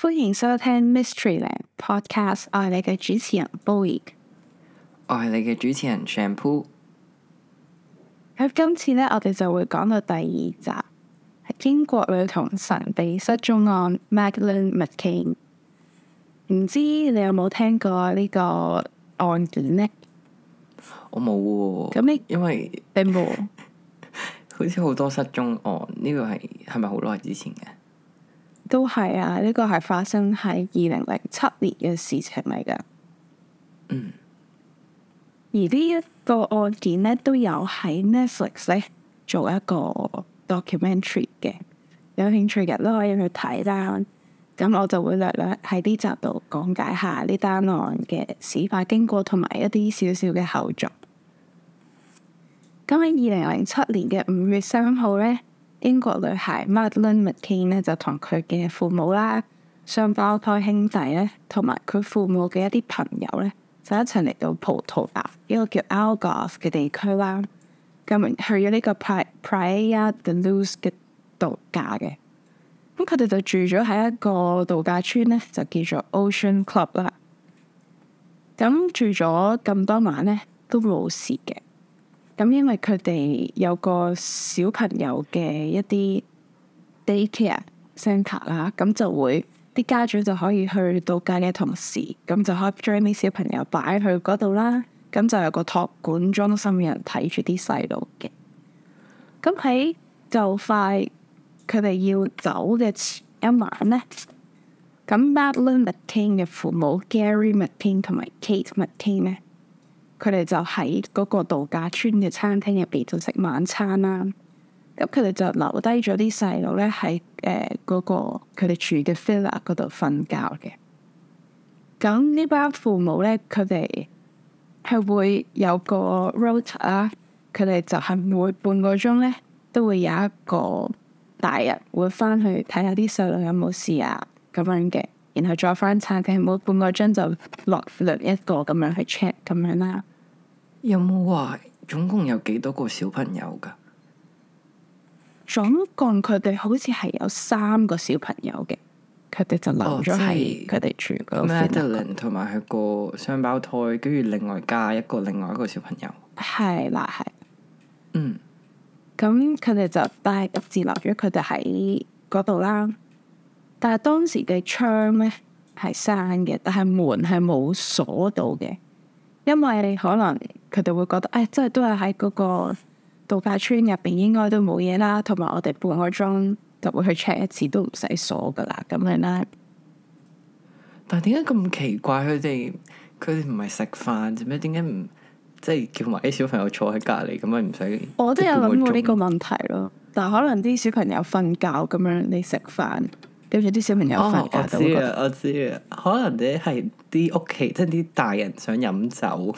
歡迎收聽 Mysteryland Podcast，我係你嘅主持人 Boik，我係你嘅主持人 Shampoo。喺 Sh 今次呢，我哋就會講到第二集係英國女童神秘失蹤案 Madeleine McCann。唔知你有冇聽過呢個案件呢？我冇，咁那你因為 n u m b e 好似好多失蹤案，呢、這個係係咪好耐之前嘅？都係啊！呢個係發生喺二零零七年嘅事情嚟噶。嗯。 而呢一個案件呢，都有喺 Netflix 呢做一個 documentary 嘅，有興趣嘅都可以去睇啦。咁我就會略略喺呢集度講解下呢單案嘅事發經過同埋一啲少少嘅後續。咁喺二零零七年嘅五月三號呢。英國女孩 Madeleine McCann 呢就同佢嘅父母啦、雙胞胎兄弟呢，同埋佢父母嘅一啲朋友呢，就一齊嚟到葡萄牙一個叫 Algarve 嘅地區啦。咁去咗呢個 Praia de Luz 嘅度假嘅，咁佢哋就住咗喺一個度假村呢，就叫做 Ocean Club 啦。咁住咗咁多晚呢，都冇事嘅。咁因為佢哋有個小朋友嘅一啲 daycare center 啦，咁就會啲家長就可以去到街嘅同時，咁就可以將啲小朋友擺去嗰度啦。咁就有個託管中心嘅人睇住啲細路嘅。咁喺就快佢哋要走嘅一晚咧，咁 Madeleine McCann 嘅父母 Gerry McCann 同埋 Kate McCann 咧。佢哋就喺嗰個度假村嘅餐廳入邊就食晚餐啦。咁佢哋就留低咗啲細路呢喺誒嗰個佢哋住嘅 villa 嗰度瞓覺嘅。咁呢班父母呢，佢哋係會有個 rota 啦。佢哋就係每半個鐘呢都會有一個大人會翻去睇下啲細路有冇事啊咁樣嘅。然後再翻餐廳，每半個鐘就落輪一個咁樣去 check 咁樣啦。有冇話總共有幾多個小朋友㗎？總共佢哋好似係有三個小朋友嘅，佢哋就留咗喺佢哋住。咁 Madeleine 同埋係個雙胞胎，跟住另外加一個另外一個小朋友。係啦、啊，係、啊。嗯。咁佢哋就但係獨自留咗佢哋喺嗰度啦。但係當時嘅窗咧係閂嘅，但係門係冇鎖到嘅。因為可能佢哋會覺得，唉、哎，即係都係喺嗰個度假村入邊，應該都冇嘢啦。同埋我哋半個鐘就會去 check 一次，都唔使鎖噶啦。咁樣啦。但係點解咁奇怪？佢哋佢哋唔係食飯啫咩？點解唔即係叫埋啲小朋友坐喺隔籬咁樣唔使？我都有諗過呢個問題咯。但係可能啲小朋友瞓覺咁樣你食飯。掉咗啲小朋友瞓、哦、我知我知 可能咧係啲屋企即係啲大人想飲酒，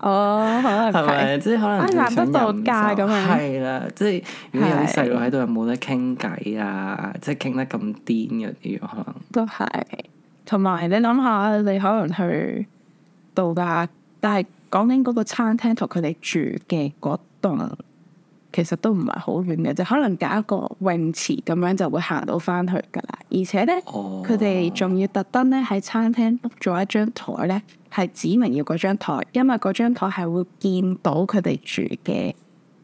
哦，可能係咪即係可能難得度假咁樣，係啦，即係如果有細路喺度又冇得傾偈啊，即係傾得咁癲嗰啲可能都係，同埋你諗下，你可能去度假，但係講緊嗰個餐廳同佢哋住嘅嗰度。其實都唔係好遠嘅，就可能隔一個泳池咁樣就會行到翻去噶啦。而且呢，佢哋仲要特登呢喺餐廳 book 咗一張台呢，係指明要嗰張台，因為嗰張台係會見到佢哋住嘅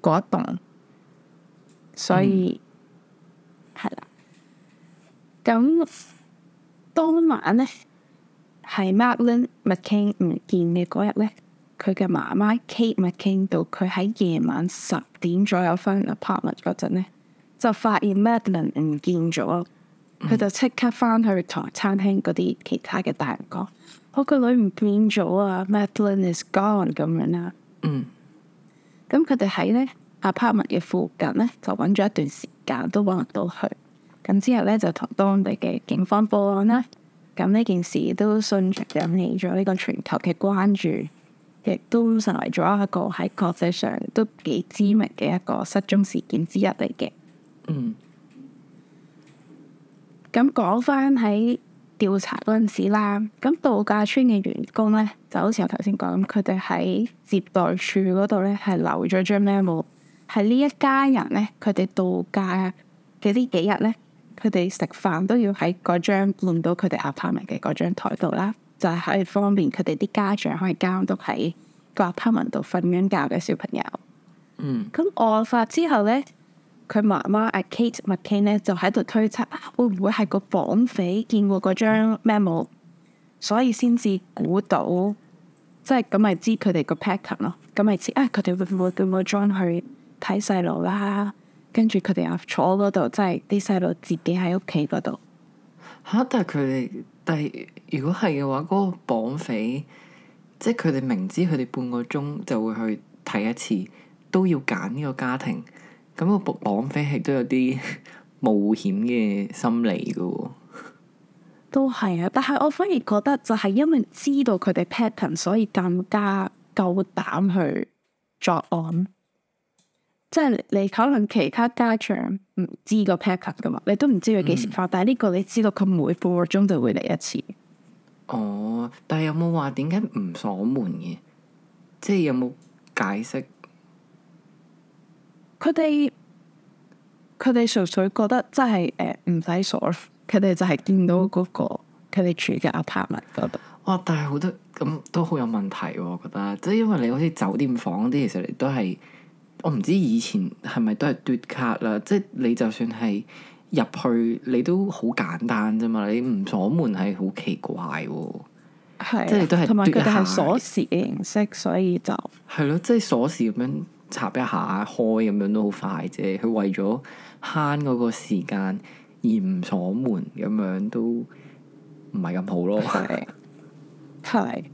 嗰一棟， 所以係啦。咁 當晚呢，係 Madeleine McCann 唔見嘅嗰日呢。佢嘅媽媽 Kate McCann 到，佢喺夜晚十點左右翻入 apartment 嗰陣咧，就發現 Madeleine 唔見咗，佢就即刻翻去同餐廳嗰啲其他嘅大人講：我個女唔見咗啊！Madeleine is gone 咁樣啦。嗯、mm，咁佢哋喺咧 apartment 嘅附近咧，就揾咗一段時間都揾唔到佢。咁之後咧就同當地嘅警方報案啦。咁、啊、呢、啊、件事都迅速引起咗呢個全球嘅關注。亦都成為咗一個喺國際上都幾知名嘅一個失蹤事件之一嚟嘅。嗯。咁講翻喺調查嗰陣時啦，咁度假村嘅員工咧，就好似我頭先講，佢哋喺接待處嗰度咧係留咗張 memo，喺呢一家人咧，佢哋度假嘅呢幾日咧，佢哋食飯都要喺嗰張弄到佢哋 apartment 嘅嗰張台度啦。就係方便佢哋啲家長可以監督喺個 apartment 度瞓緊覺嘅小朋友。嗯。咁案發之後呢，佢媽媽阿 Kate McCann 呢，就喺度推測，啊、會唔會係個綁匪見過嗰張 memo，所以先至估到，即係咁咪知佢哋個 pattern 咯。咁咪知啊，佢哋會唔會叫 John 去睇細路啦？跟住佢哋坐嗰度，即係啲細路自己喺屋企嗰度。嚇！但係佢哋。但係如果係嘅話，嗰個綁匪，即係佢哋明知佢哋半個鐘就會去睇一次，都要揀呢個家庭，咁個綁匪係都有啲冒險嘅心理嘅喎。都係啊！但係我反而覺得就係因為知道佢哋 pattern，所以更加夠膽去作案。即係你可能其他家長唔知個 package 噶嘛，你都唔知佢幾時發，嗯、但係呢個你知道佢每 four 個鐘就會嚟一次。哦，但係有冇話點解唔鎖門嘅？即係有冇解釋？佢哋佢哋純粹覺得即係誒唔使鎖，佢哋就係見到嗰，嗰個佢哋，嗯、住嘅 apartment 嗰度。哇！但係好多咁，嗯、都好有問題喎、啊，我覺得即係因為你好似酒店房啲，其實你都係。我唔知以前係咪都係嘟卡啦，即係你就算係入去，你都好簡單啫嘛。你唔鎖門係好奇怪喎，對即係都係同埋佢哋係鎖匙嘅形式，所以就係咯，即係鎖匙咁樣插一下開咁樣都好快啫。佢為咗慳嗰個時間而唔鎖門咁樣都唔係咁好咯。係係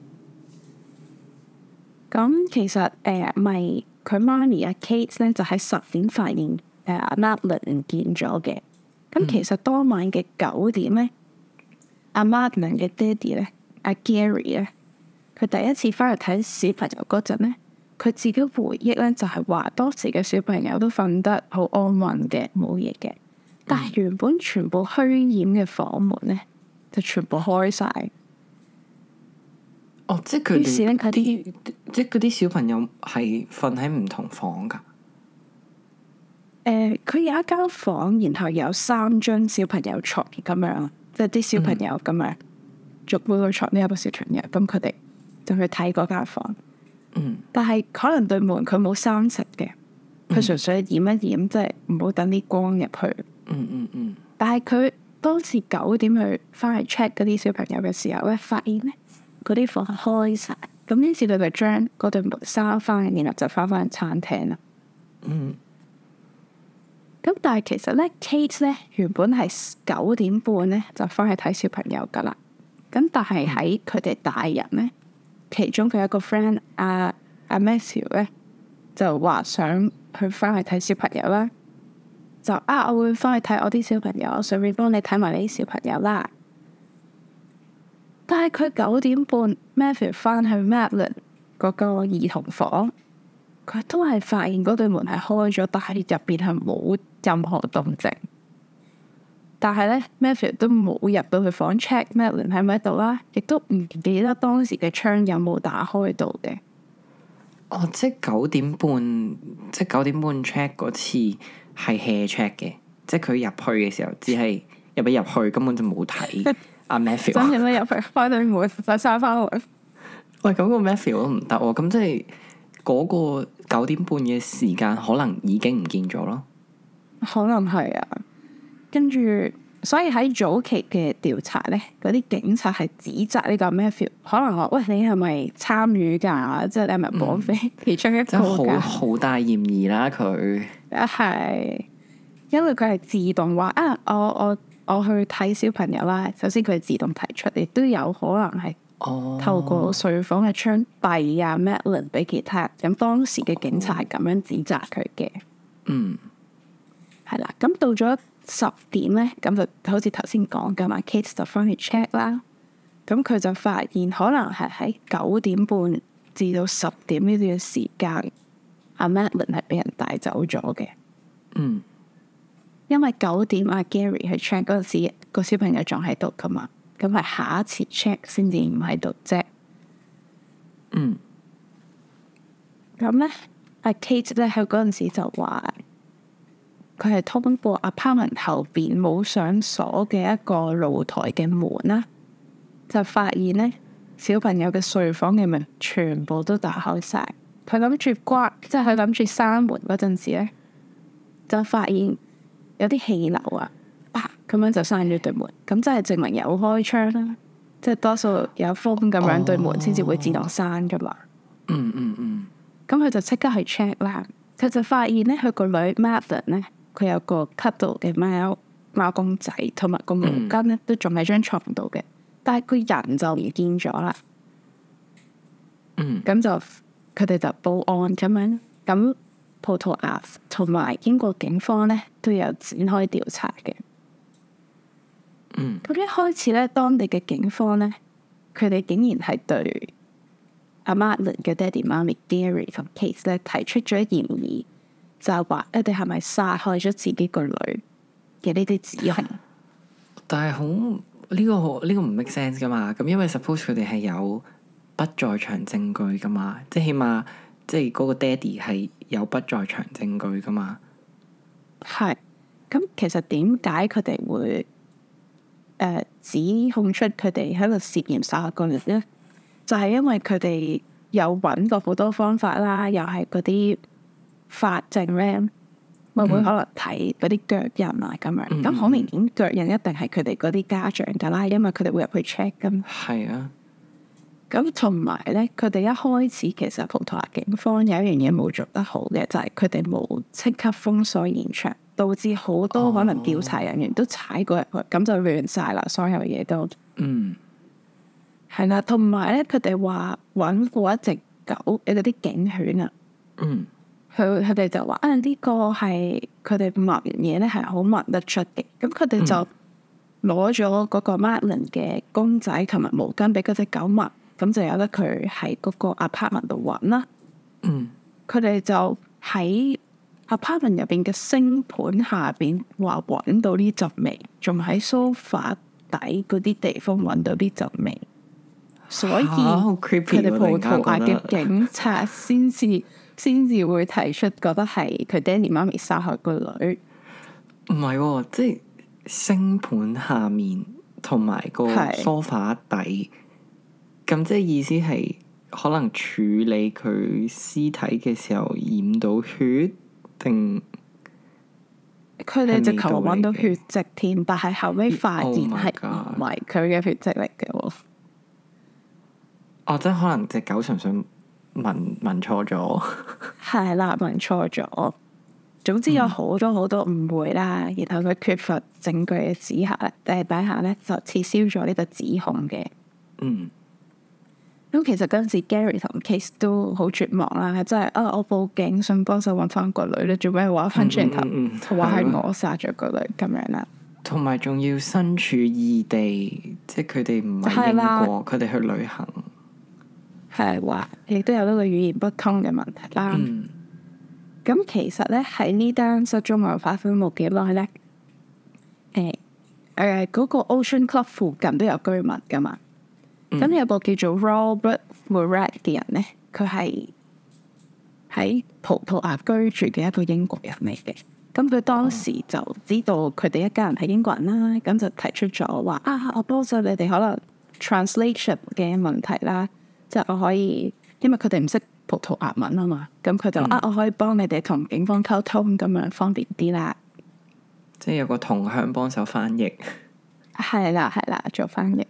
咁， 其實誒咪。呃佢媽咪阿 Kate 咧就喺十點發現誒阿 Madeleine 唔見咗嘅，咁、嗯、其實當晚嘅九點咧，阿 Madeleine 嘅爹哋咧阿 Gary 咧，佢第一次翻去睇小朋友嗰陣咧，佢自己回憶咧就係話當時嘅小朋友都瞓得好安穩嘅，冇嘢嘅，但係原本全部虛掩嘅房門咧就全部開晒。哦，即係佢哋啲，於是即係嗰啲小朋友係瞓喺唔同房噶。誒、呃，佢有一間房間，然後有三張小朋友床咁樣，即係啲小朋友咁樣，嗯、逐每個床，都有個小朋友，咁佢哋就去睇嗰間房間。嗯。但係可能對門佢冇閂實嘅，佢純、嗯、粹掩一掩，即係唔好等啲光入去。嗯嗯嗯。嗯嗯，但係佢當時九點去翻去 check 嗰啲小朋友嘅時候咧，我發現咧。嗰啲房開晒，咁於是佢就將嗰對沙發，然後就翻翻餐廳啦。嗯。咁但係其實咧，Kate 咧原本係九點半咧就翻去睇小朋友噶啦。咁但係喺佢哋大人咧，其中佢有一個 friend 阿阿 Matthew 咧就話想去翻去睇小朋友啦。就啊，我會翻去睇我啲小朋友，我順便幫你睇埋你啲小朋友啦。但係佢九點半，Matthew 翻去 Madeleine 嗰個兒童房，佢都係發現嗰對門係開咗，但係入邊係冇任何動靜。但係呢 Matthew 都冇入到去房 check Madeleine 喺咪度啦，亦都唔記得當時嘅窗有冇打開到嘅。哦，即係九點半，即係九點半 check 嗰次係 hea check 嘅，即係佢入去嘅時候只係入一入去，根本就冇睇。 阿 Matthew，真係咧入去翻到門，再翻翻去。 喂，咁、那個 Matthew 都唔得、啊、喎，咁即係嗰個九點半嘅時間，可能已經唔見咗咯。 可能係啊，跟住，所以喺早期嘅調查咧，嗰啲警察係指責呢個 Matthew 可能話：喂，你係咪參與噶？嗯、即係你係咪綁匪？其中一個，真好大嫌疑啦、啊！佢，啊係， 因為佢係自動話：啊，我我。我去睇小朋友啦。首先佢自動提出，亦都有可能係透過睡房嘅窗閉啊，Madeleine 俾其他人。咁當時嘅警察係咁樣指責佢嘅。嗯、oh. mm.，係啦。咁到咗十點咧，咁就好似頭先講，咁啊 Kate 就翻去 check 啦。咁佢就發現可能係喺九點半至到十點呢段時間，阿 Madeleine 係俾人帶走咗嘅。嗯。Mm. 因為九點阿 Gary 去 check 嗰陣時，個小朋友仲喺度噶嘛，咁係下一次 check 先至唔喺度啫。嗯。咁呢，阿 Kate 呢喺嗰陣時就話，佢係通過阿 Apartment 後便冇上鎖嘅一個露台嘅門啦，就發現呢小朋友嘅睡房嘅門全部都打開晒。佢諗住關，即係佢諗住閂門嗰陣時呢，就發現。有啲氣流啊，啪咁樣就閂咗對門，咁即係證明有開窗啦。即係多數有風咁樣對門先至會自動閂㗎嘛。嗯嗯、哦、嗯。咁、嗯、佢、嗯、就即刻去 check 啦，佢就發現咧，佢個女 Madeleine 咧，佢有個 cut 度嘅貓貓公仔同埋個毛巾咧，都仲喺張床度嘅，嗯、但係個人就唔見咗啦。嗯。咁就佢哋就報案咁樣咁。葡萄牙同埋英國警方咧都有展開調查嘅。嗯，咁一開始咧，當地嘅警方咧，佢哋竟然係對阿 Madeleine 嘅爹哋、媽咪、Gerry 同 Kate 咧提出咗嫌疑，就係話佢哋係咪殺害咗自己個女嘅呢啲指控。但係好呢個呢、呢個唔 make sense 噶嘛。咁因為 suppose 佢哋係有不在場證據噶嘛，即係起碼即係嗰個爹哋係。有不在場證據㗎嘛？係，咁其實點解佢哋會誒、呃、指控出佢哋喺度涉嫌殺害個女呢？就係、是、因為佢哋有揾過好多方法啦，又係嗰啲法證 Ram，會，會可能睇嗰啲腳印啊咁、嗯、樣。咁好、嗯嗯、明顯腳印一定係佢哋嗰啲家長噶啦，因為佢哋會入去 check 㗎嘛。係啊。咁同埋咧，佢哋一開始其實葡萄牙警方有一樣嘢冇做得好嘅，就係佢哋冇即刻封鎖現場，導致好多可能調查人員都踩過入去，咁、哦、就亂晒啦，所有嘢都嗯，係啦。同埋咧，佢哋話揾過一隻狗，有啲警犬、嗯、啊，這個、嗯，佢佢哋就話啊呢個係佢哋聞完嘢咧係好聞得出嘅，咁佢哋就攞咗嗰個 Madeleine 嘅公仔同埋毛巾俾嗰隻狗聞。咁就有得佢喺嗰個 apartment 度揾啦。嗯，佢哋就喺 apartment 入邊嘅星盤下邊話揾到啲雜味，仲喺梳化底嗰啲地方揾到啲雜味。嗯、所以佢哋葡萄牙嘅警察先至先至會提出覺得係佢爹 a d 媽咪殺害個女。唔係、哦，即係星盤下面同埋個梳化底。咁即係意思係可能處理佢屍體嘅時候染到血，定佢哋就求搵到血跡添。但係後尾發現係唔係佢嘅血跡嚟嘅喎。哦，即係可能隻狗純粹聞聞錯咗。係啦，聞錯咗。 總之有好多好多誤會啦，嗯、然後佢缺乏證據嘅指下咧，但係底下咧就撤銷咗呢個指控嘅、嗯。嗯。咁其實嗰陣時，Gary 同 Case 都好絕望啦，係真係啊！Oh, 我報警想幫手揾翻個女咧，做咩話翻轉頭，話係、嗯嗯嗯、我殺咗個女咁樣啦？同埋仲要身處異地，即係佢哋唔係英國，佢哋的去旅行係話，亦都有呢個語言不通嘅問題啦。咁、嗯啊、其實咧，喺呢單失蹤案發生冇幾耐咧，誒誒嗰個 Ocean Club 附近都有居民噶嘛。咁、嗯、有個叫做 Robert Murat 嘅人咧，佢係喺葡萄牙居住嘅一個英國人嚟嘅。咁佢當時就知道佢哋一家人係英國人啦，咁就提出咗話：啊，我幫咗你哋可能 translation 嘅問題啦，即、就、係、是、我可以，因為佢哋唔識葡萄牙文啊嘛，咁佢就啊，嗯、我可以幫你哋同警方溝通，咁樣方便啲啦。即係有個同鄉幫手翻譯。係啦， 係啦，做翻譯。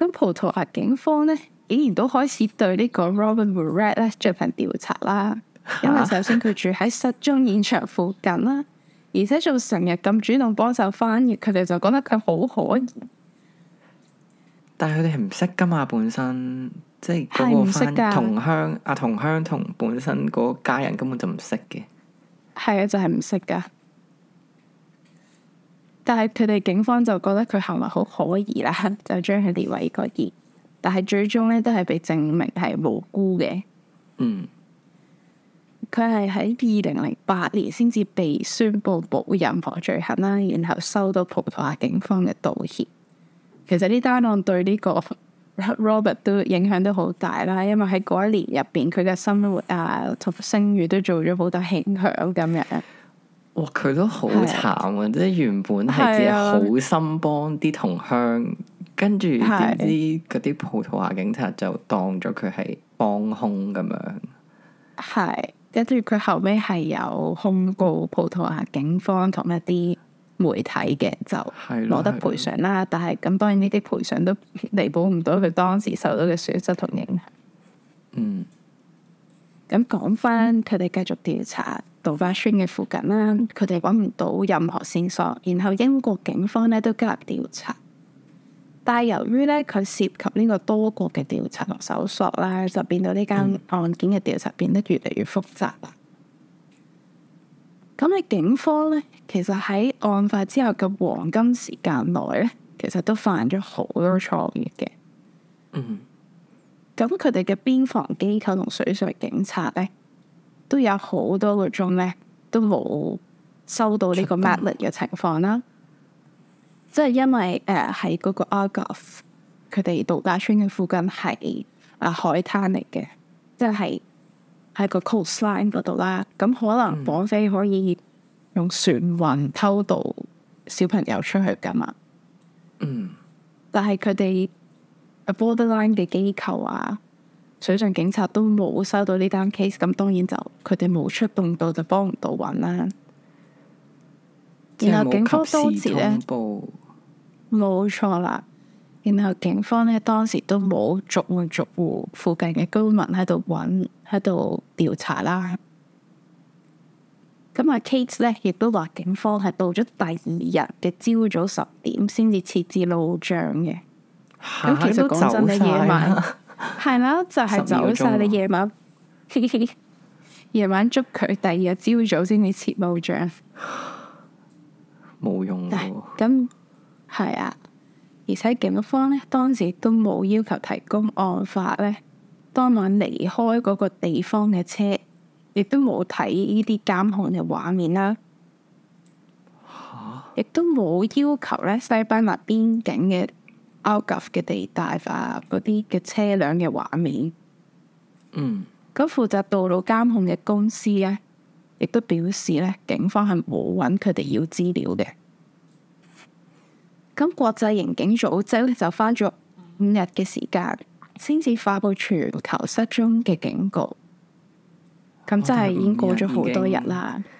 咁葡萄牙警方呢，竟然都開始對個呢個 Robert Murat 呢進行調查啦。因為首先佢住喺失蹤現場附近啦，啊、而且仲成日咁主動幫手翻譯，佢哋就覺得佢好可疑。但係佢哋係唔識噶嘛，本身即係嗰個翻同鄉啊，同鄉同本身嗰家人根本就唔識嘅。係啊，就係唔識噶。但係佢哋警方就覺得佢行為好可疑啦，就將佢列為一個疑。但係最終呢，都係被證明係無辜嘅。嗯，佢係喺二零零八年先至被宣布冇任何罪行啦，然後收到葡萄牙警方嘅道歉。其實呢單案對呢個 Robert 都影響都好大啦，因為喺嗰一年入邊，佢嘅生活啊同聲譽都做咗好多影響咁樣。哇！佢都好慘啊，的即係原本係自己好心幫啲同鄉，跟住點知嗰啲葡萄牙警察就當咗佢係幫兇咁樣。係，跟住佢後尾係有控告葡萄牙警方同一啲媒體嘅，就攞得賠償啦。但係咁當然呢啲賠償都彌補唔到佢當時受到嘅損失同影響。嗯。咁講翻，佢哋繼續調查度假村嘅附近啦，佢哋揾唔到任何線索，然後英國警方呢都加入調查，但係由於呢，佢涉及呢個多國嘅調查同搜索啦，就變到呢間案件嘅調查變得越嚟越複雜啦。咁你、嗯、警方呢，其實喺案發之後嘅黃金時間內呢，其實都犯咗好多錯誤嘅。嗯。咁佢哋嘅邊防機構同水上警察咧，都有好多個鐘咧，都冇收到呢個 message 嘅情況啦。東即係因為誒喺嗰個 Argov，佢哋度假村嘅附近係啊海灘嚟嘅，即係喺個 coastline 嗰度啦。咁可能綁匪可以、嗯、用船運偷渡小朋友出去噶嘛？嗯。但係佢哋。borderline 嘅機構啊，水上警察都冇收到呢單 case，咁當然就佢哋冇出動到，就幫唔到搵啦。然後警方當時呢，冇錯啦，然後警方呢，當時都冇逐戶逐戶附近嘅居民喺度搵，喺度調查啦。咁啊，Kate 呢亦都話警方係到咗第二日嘅朝早十點先至設置路障嘅。咁其實講真，你夜 晚係上啦，就係走晒你夜晚。夜晚捉佢，第二日朝早先至攝冇像，冇用喎。咁係、嗯、啊，而且警方呢當時都冇要求提供案發呢，當晚離開嗰個地方嘅車，亦都冇睇呢啲監控嘅畫面啦。亦都冇要求呢，西班牙邊境嘅凹夾嘅地帶啊，嗰啲嘅車輛嘅畫面，嗯，咁負責道路監控嘅公司呢，亦都表示呢，警方係冇搵佢哋要資料嘅。咁國際刑警組織呢，就花咗五日嘅時間，先至發佈全球失蹤嘅警告。咁真係已經過咗好多日啦。哦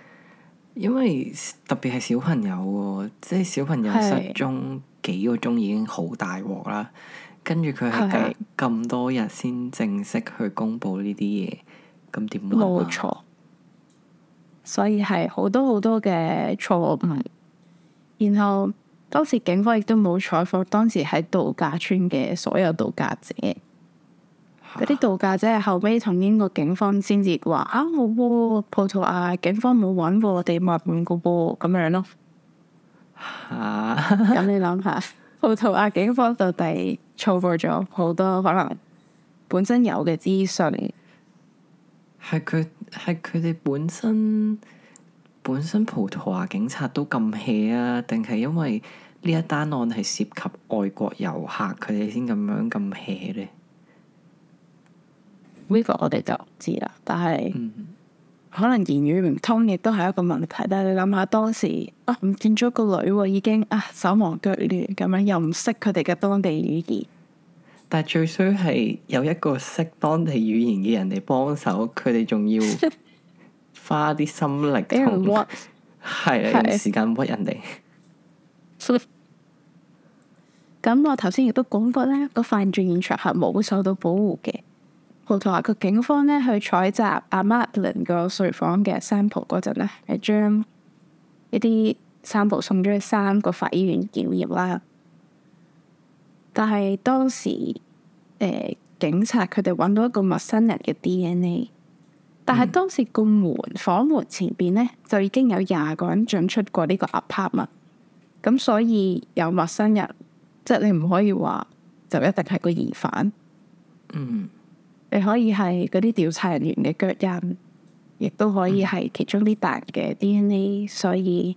因為特別係小朋友，即係小朋友失蹤幾個鐘已經好大鑊啦。跟住佢係隔咁多日先正式去公布呢啲嘢，咁點都冇錯。所以係好多好多嘅錯誤。嗯、然後當時警方亦都冇採訪當時喺度假村嘅所有度假者。嗰啲度假者係後尾同英國警方先至話啊，冇喎，葡萄牙警方冇揾過我哋物品嘅噃，咁樣咯。啊！咁你諗下，葡萄牙警方到底錯過咗好多可能本身有嘅資訊，係佢係佢哋本身本身葡萄牙警察都咁 hea 啊？定係因為呢一單案係涉及外國遊客，佢哋先咁樣咁 hea 咧？微博我哋就知啦，但係是、嗯、可能言語唔通亦都係一個問題。但係你諗下當時啊，唔見咗個女，已經啊手忙腳亂咁樣，又唔識佢哋嘅當地語言。但係最衰係有一個識當地語言嘅人嚟幫手，佢哋仲要花啲心力同係用時間屈人哋。咁我頭先亦都講過咧，個犯罪現場係冇受到保護嘅。葡萄牙個警方呢，去採集阿 Madeleine 個睡房嘅 sample 嗰陣呢，係將一啲 sample 送咗去三個法醫院檢驗啦。但係當時誒、呃，警察佢哋揾到一個陌生人嘅 DNA，但係當時個門房門前邊呢，就已經有廿個人進出過呢個 apartment，咁所以有陌生人，即係你唔可以話就一定係個疑犯。嗯。你可以係嗰啲調查人員嘅腳印，亦都可以係其中啲人嘅 DNA，所以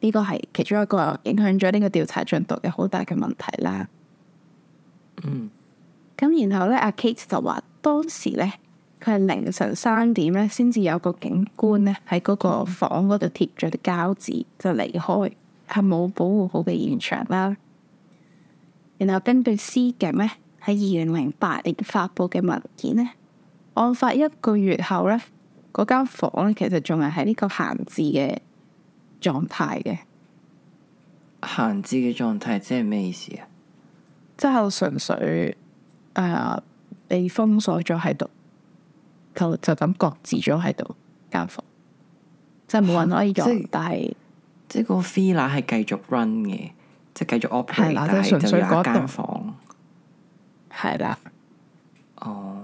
呢個係其中一個影響咗呢個調查進度嘅好大嘅問題啦。嗯。咁然後呢，阿 Kate 就話當時呢，佢係凌晨三點呢先至有個警官呢喺嗰個房嗰度貼咗啲膠紙就離開，係冇保護好嘅現場啦。然後根據屍檢呢。喺二零零八年發布嘅文件呢，案發一個月後呢，嗰間房其實仲係喺呢個閒置嘅狀態嘅閒置嘅狀態，即係咩意思啊？即係純粹誒、呃、被封鎖咗喺度，就就咁擱置咗喺度間房，即係冇人可以入。 即但係是即係個 file 係繼續 run 嘅，即係繼續 operate，但係房。係啦，哦，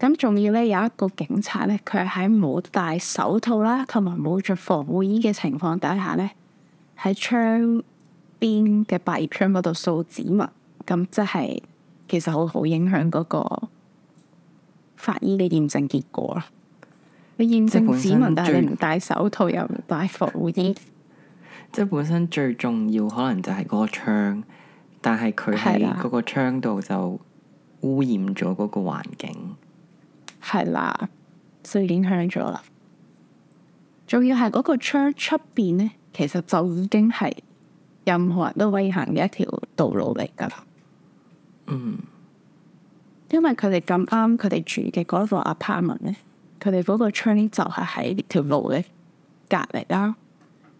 咁仲、uh, 要呢？有一個警察呢，佢喺冇戴手套啦，同埋冇着防護衣嘅情況底下呢，喺窗邊嘅百葉窗嗰度掃指紋，咁即係其實好好影響嗰個法醫嘅驗證結果。你驗證指紋，但係你唔戴手套又唔戴防護衣，即係本身最重要可能就係嗰個窗。但係佢喺嗰個窗度就污染咗嗰個環境，係啦，所以影響咗啦。仲要係嗰個窗出邊呢，其實就已經係任何人都可以行嘅一條道路嚟噶啦。嗯，因為佢哋咁啱，佢哋住嘅嗰個 apartment 呢，佢哋嗰個窗就係喺條路嘅隔籬啦。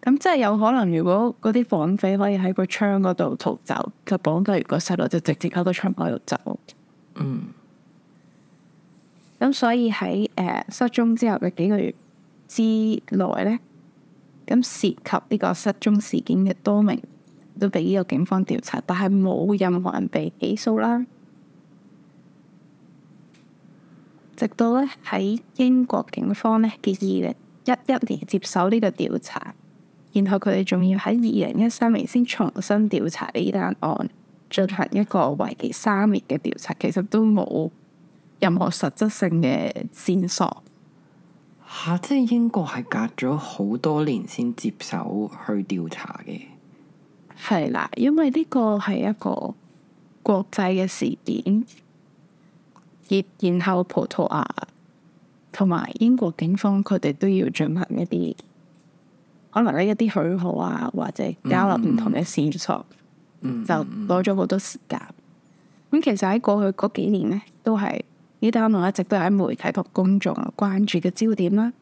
咁即係有可能，如果嗰啲綁匪可以喺個窗嗰度逃走，就綁低個細路，就直接喺個窗口度走。嗯。咁所以喺誒、呃、失蹤之後嘅幾個月之內呢，咁涉及呢個失蹤事件嘅多名都俾呢個警方調查，但係冇任何人被起訴啦。直到呢，喺英國警方呢，咧，二零一一年接手呢個調查。然後佢哋仲要喺二零一三年先重新調查呢單案，進行一個為期三年嘅調查，其實都冇任何實質性嘅線索。吓，即係英國係隔咗好多年先接手去調查嘅。係啦， 因為呢個係一個國際嘅事件，亦然後葡萄牙同埋英國警方，佢哋都要進行一啲。可能呢一啲許可啊，或者交流唔同嘅線索，嗯、就攞咗好多時間。咁、嗯嗯、其實喺過去嗰幾年呢，都係呢單案一直都喺媒體同公眾關注嘅焦點啦。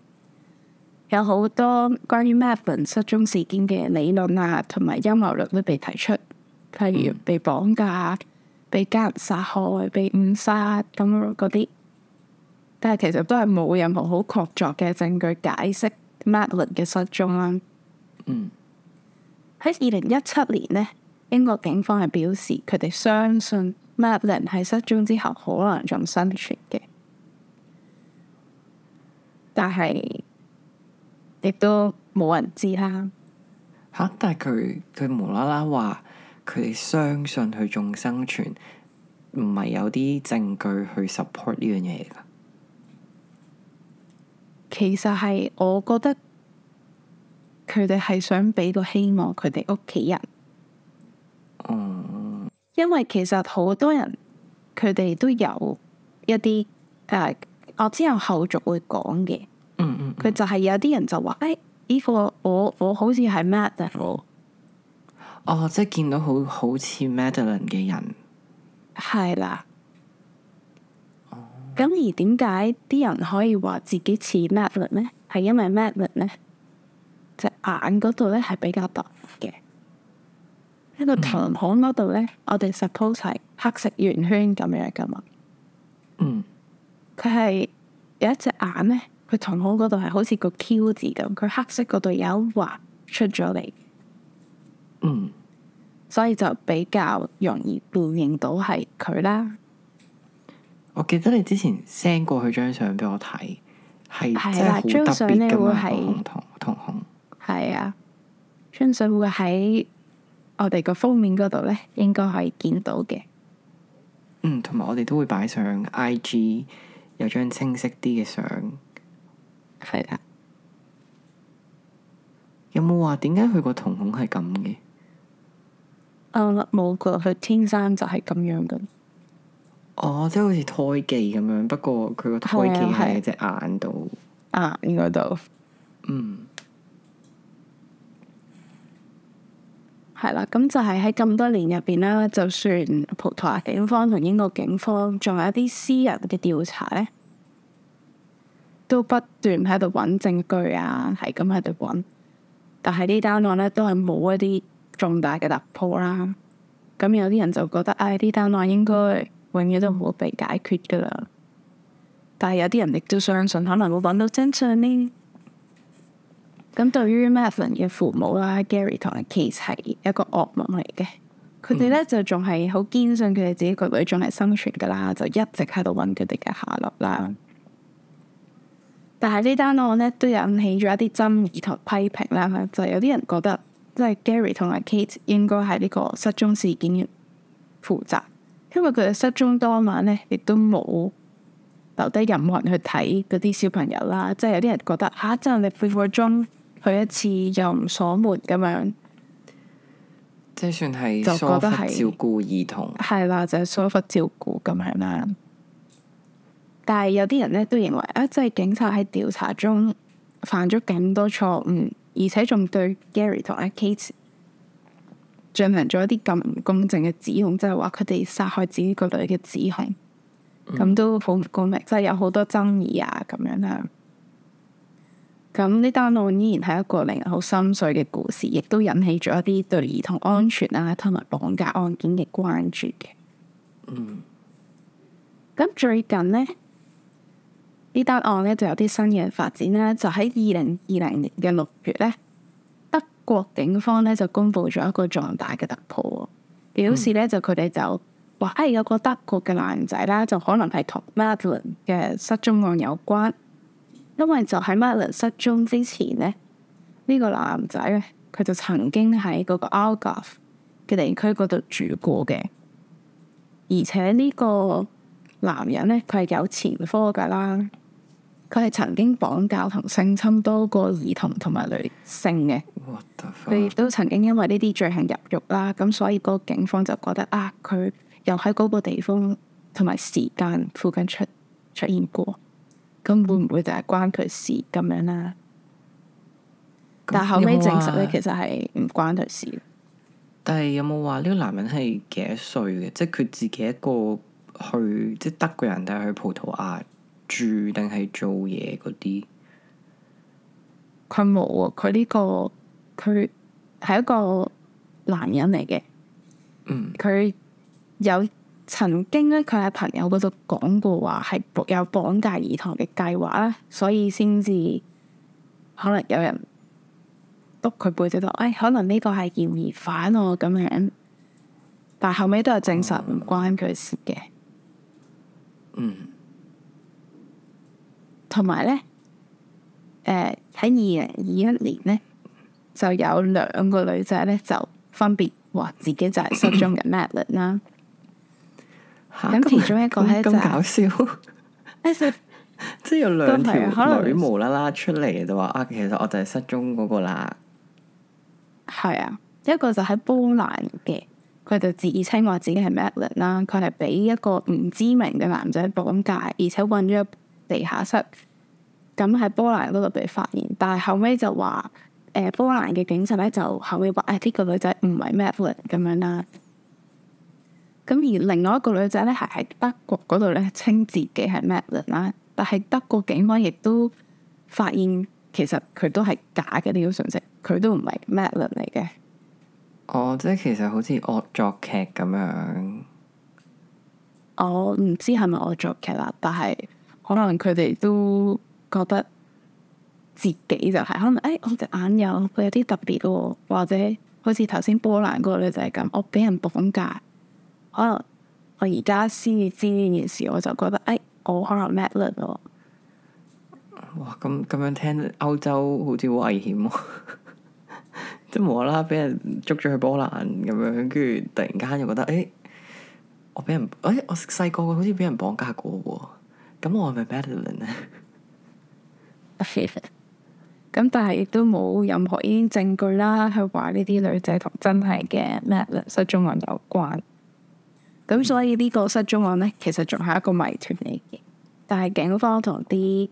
有好多關於 Madeleine 失蹤事件嘅理論啊，同埋陰謀論都被提出，例如被綁架、被家人殺害、被誤殺咁嗰啲。但係其實都係冇任何好確鑿嘅證據解釋。Madeleine 嘅失蹤啦，嗯，喺二零一七年呢，英國警方係表示佢哋相信 Madeleine 喺失蹤之後可能仲生存嘅，但係亦都冇人知啦。吓、啊，但係佢佢無啦啦話佢哋相信佢仲生存，唔係有啲證據去 support 呢樣嘢噶。其實係我覺得佢哋係想畀個希望佢哋屋企人。因為其實好多人佢哋都有一啲誒，uh, 我之後後續會講嘅。佢、嗯嗯嗯、就係有啲人就話，誒、hey, like，呢個我我好似係 Madeline 哦，即係見到好好似 Madeline 嘅人。係啦。 咁而點解啲人可以話自己似 Madeleine 呢？係因為 Madeleine 呢隻眼嗰度呢係比較白嘅，一個瞳孔嗰度呢，嗯、我哋 suppose 係黑色圓圈咁樣噶嘛。嗯，佢係有一隻眼呢，佢瞳孔嗰度係好似個 Q 字咁，佢黑色嗰度有一劃出咗嚟。嗯，所以就比較容易辨認到係佢啦。我記得你之前 send 過去張相俾我睇，係好特別噶嘛？紅瞳，瞳孔係。啊，張相會喺我哋個封面嗰度咧，應該可以見到嘅。嗯，同埋我哋都會擺上 IG 有張清晰啲嘅相，係啊。有冇話點解佢個瞳孔係咁嘅？啊，冇噶，佢天生就係咁樣噶。哦，即係好似胎記咁樣，不過佢個胎記係喺隻眼度，啊，應該都，嗯，係啦，咁就係喺咁多年入邊啦，就算葡萄牙警方同英國警方仲有一啲私人嘅調查呢，都不斷喺度揾證據啊，係咁喺度揾，但係呢單案呢，都係冇一啲重大嘅突破啦，咁有啲人就覺得，唉、啊，呢單案應該。永遠都唔會被解決噶啦，嗯、但係有啲人亦都相信，可能會揾到真相呢。咁對於 Madeleine 嘅父母啦，Gary 同阿 Kate 係一個噩夢嚟嘅，佢哋呢、嗯、就仲係好堅信佢哋自己個女仲係生存噶啦，就一直喺度揾佢哋嘅下落啦。嗯、但係呢單案呢，都引起咗一啲爭議同批評啦，就是、有啲人覺得，即、就、係、是、Gary 同阿 Kate 應該係呢個失蹤事件嘅負責。因為佢哋失蹤當晚呢，亦都冇留低任何人去睇嗰啲小朋友啦。即係有啲人覺得吓、啊，真係你半個鐘去一次又唔鎖門咁樣，即係算係疏忽照顧兒童。係 啦，就係、是、疏忽照顧咁樣啦。 但係有啲人呢，都認為啊，即、就、係、是、警察喺調查中犯咗咁多錯誤，而且仲對 Gary 同阿 Kate。證明咗一啲咁唔公正嘅指控，即係話佢哋殺害自己個女嘅指控，咁都好唔公平，即係有好多爭議啊咁樣啦。咁呢單案依然係一個令人好心碎嘅故事，亦都引起咗一啲對兒童安全啦、啊，同埋綁架案件嘅關注嘅。嗯。咁最近呢，呢單案呢就有啲新嘅發展啦，就喺二零二零年嘅六月呢。國警方咧，就公布咗一個重大嘅突破，表示咧，就佢哋就話，哎，有個德國嘅男仔啦，就可能係同 Madeleine 嘅失蹤案有關，因為就喺 Madeleine 失蹤之前咧，呢、這個男仔咧，佢就曾經喺嗰個 Algarve 嘅地區嗰度住過嘅，而且呢個男人咧，佢係有前科㗎啦。佢係曾經綁架同性侵多個兒童同埋女性嘅，佢亦 the 都曾經因為呢啲罪行入獄啦。咁所以個警方就覺得啊，佢又喺嗰個地方同埋時間附近出出現過，咁會唔會就係關佢事咁樣啦？嗯、但後尾證實咧，其實係唔關佢事。但係有冇話呢個男人係幾多歲嘅？即係佢自己一個去，即係德國人定係葡萄牙？住定係做嘢嗰啲？佢冇啊。佢呢個，佢係一個男人嚟嘅，佢、嗯、有曾經咧，佢喺朋友嗰度講過話係有綁架兒童嘅計劃啦，所以先至可能有人督佢背脊度，唉，可能呢個係嫌疑犯哦咁樣，但係後尾都係證實唔關佢事嘅，嗯。同埋咧，誒喺二零二一年咧，就有兩個女仔咧，就分別話自己就係失蹤嘅 Madeleine 啦。咁 其中一個咧就咁搞笑， 即係有兩條女、就是、無啦啦出嚟就話啊，其實我就係失蹤嗰個啦。係啊，一個就喺波蘭嘅，佢就自稱話自己係 Madeleine 啦，佢係俾一個唔知名嘅男仔綁架，而且韫咗地下室。咁喺波蘭嗰度被發現，但係後尾就話誒、呃，波蘭嘅警察咧就後尾話，誒、哎、呢、這個女仔唔係 Madeleine 咁樣啦、啊。咁而另外一個女仔咧，係喺德國嗰度咧，稱自己係 Madeleine 啦，但係德國警方亦都發現其實佢都係假嘅呢個信息，佢都唔係 Madeleine 嚟嘅。哦，即係其實好似惡作劇咁樣。我唔知係咪惡作劇啦，但係可能佢哋都覺得自己就係、是、可能，誒、哎、我隻眼有，佢有啲特別喎、哦，或者好似頭先波蘭個女仔咁，我俾人綁架，可能我而家先語知呢件事，我就覺得，誒、哎、我可能 Madeleine 咯。哇！咁咁樣聽歐洲好似好危險喎、哦，即 係無啦啦俾人捉咗去波蘭咁樣，跟住突然間就覺得，誒、欸、我俾人，而、欸、我細個好似俾人綁架過喎，咁我係咪 Madeleine 呢？咁但係亦都冇任何呢啲證據啦，去話呢啲女仔同真係嘅咩失蹤案有關。咁、嗯、所以呢個失蹤案呢，其實仲係一個謎團嚟嘅。但係警方同啲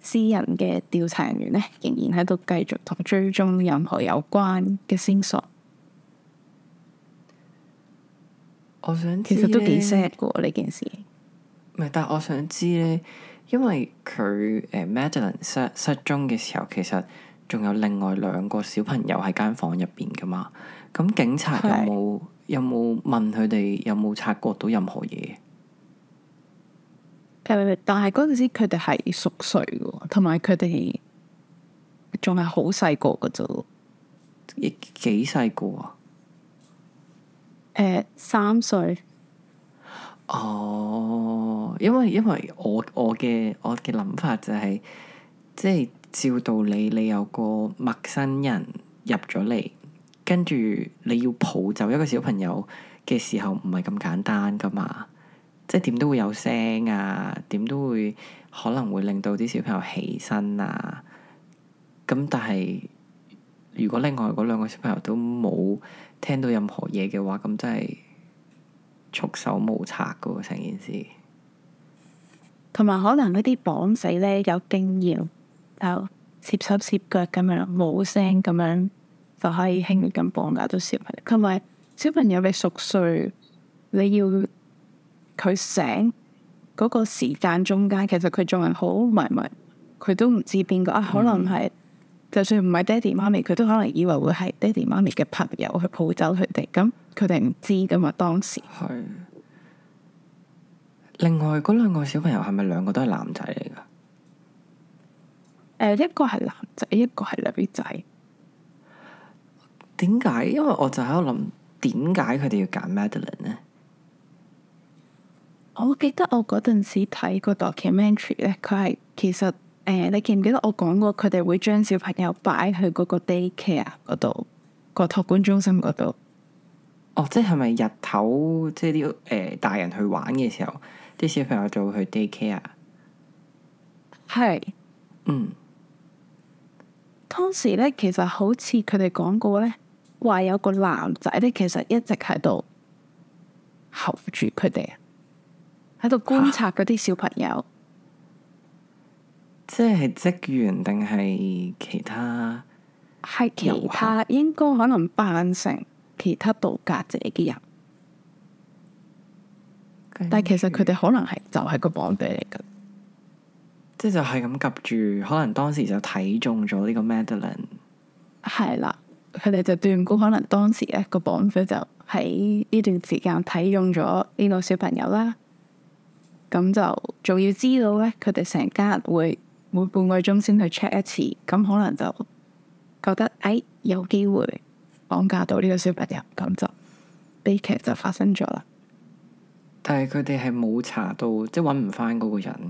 私人嘅調查人員咧，仍然喺度繼續同追蹤任何有關嘅線索。我想其實都幾 sad 嘅呢件事。唔係，但係我想知呢。因為佢誒、欸、Madeleine 失失蹤嘅時候，其實仲有另外兩個小朋友喺間房入邊噶嘛。咁警察有冇有冇是問佢哋有冇察覺到任何嘢？誒，但係嗰陣時佢哋係熟睡嘅，同埋佢哋仲係好細個噶咋？幾細個啊？誒，三歲。哦。Oh. 因為，因為我我嘅我嘅諗法就係、是，即係照道理，你有個陌生人入咗嚟，跟住你要抱走一個小朋友嘅時候，唔係咁簡單噶嘛。即係點都會有聲啊，點都會可能會令到啲小朋友起身啊。咁但係如果另外嗰兩個小朋友都冇聽到任何嘢嘅話，咁真係束手無策噶喎，成件事。同埋可能嗰啲綁匪咧有經驗，就攝手攝腳咁樣冇聲咁樣就可以輕易咁綁架到小朋友。同埋小朋友未熟睡，你要佢醒嗰、那個時間中間，其實佢仲係好迷迷，佢都唔知邊個啊。可能係、嗯、就算唔係爹哋媽咪，佢都可能以為會係爹哋媽咪嘅朋友去抱走佢哋，咁佢哋唔知噶嘛當時。係。另外嗰兩個小朋友係咪兩個都係男仔嚟㗎？誒一個係男仔，一個係女仔。點解？因為我就喺度諗點解佢哋要揀 Madeleine 呢？我記得我嗰陣時睇個 documentary 咧，佢係其實誒、呃、你記唔記得我講過佢哋會將小朋友擺去嗰個 day care 嗰度，個托管中心嗰度。哦，即係咪日頭即係啲誒大人去玩嘅時候？啲小朋友就會去 daycare，係是，嗯，當時呢，其實好似佢哋講過呢，話有個男仔呢，其實一直喺度睺住佢哋，喺度、啊、觀察嗰啲小朋友，即係職員定係其他？係其他應該可能扮成其他度假者嘅人。但其實佢哋可能係就係、是、個綁匪嚟嘅，即係就係咁夾住，可能當時就睇中咗呢個 Madeleine。係啦、啊，佢哋就斷估，可能當時咧個綁匪就喺呢段時間睇中咗呢個小朋友啦。咁就仲要知道咧，佢哋成家人會每半個鐘先去 check 一次，咁可能就覺得誒、哎、有機會綁架到呢個小朋友，咁就悲劇就發生咗啦。但係，佢哋係冇查到，即係搵唔翻嗰個人，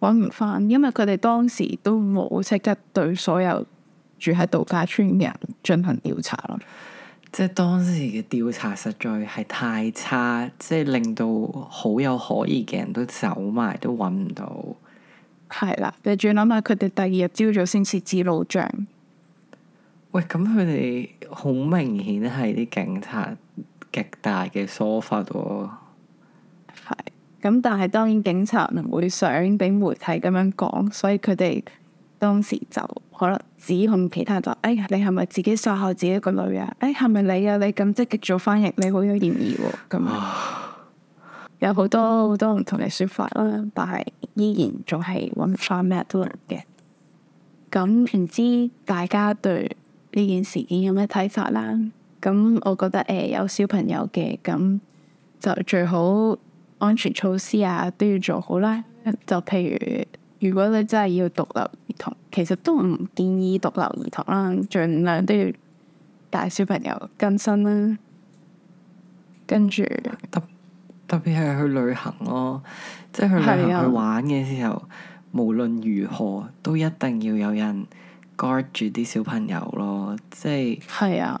揾唔翻，因為佢哋當時都冇即刻對所有住喺度假村嘅人進行調查咯。即係當時嘅調查實在係太差，即係令到好有可疑嘅人都走埋，都揾唔到。係啦，你再諗下，佢哋第二日朝早先設置路障。喂，咁佢哋好明顯係啲警察極、哦，極大嘅疏忽。咁但係當然警察唔會想俾媒體咁樣講，所以佢哋當時就可能指控其他就誒、哎，你係咪自己殺害自己個女啊？誒、哎，係咪你啊？你咁積極做翻譯，你好有嫌疑咁、哦。樣 有好多好多唔同嘅說法啦， 但係依然仲係搵唔翻 Mad 嘅。咁唔知大家對呢件事件有咩睇法啦？咁我覺得誒、呃，有小朋友嘅咁就最好。安全措施啊都要做好啦，就譬如如果你真係要獨留兒童，其實都唔建議獨留兒童啦，盡量都要帶小朋友跟身啦，跟住特特別係去旅行咯，即係去旅行、啊、去玩嘅時候，無論如何都一定要有人 guard 住啲小朋友咯，即係。係啊。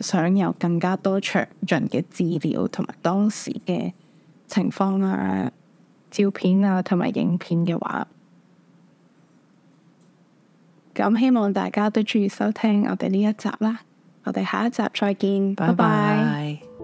想有更加多詳盡嘅資料，同埋當時嘅情況啊、照片啊，同埋影片嘅話，咁希望大家都注意收聽我哋呢一集啦。我哋下一集再見，Bye 拜拜。Bye bye。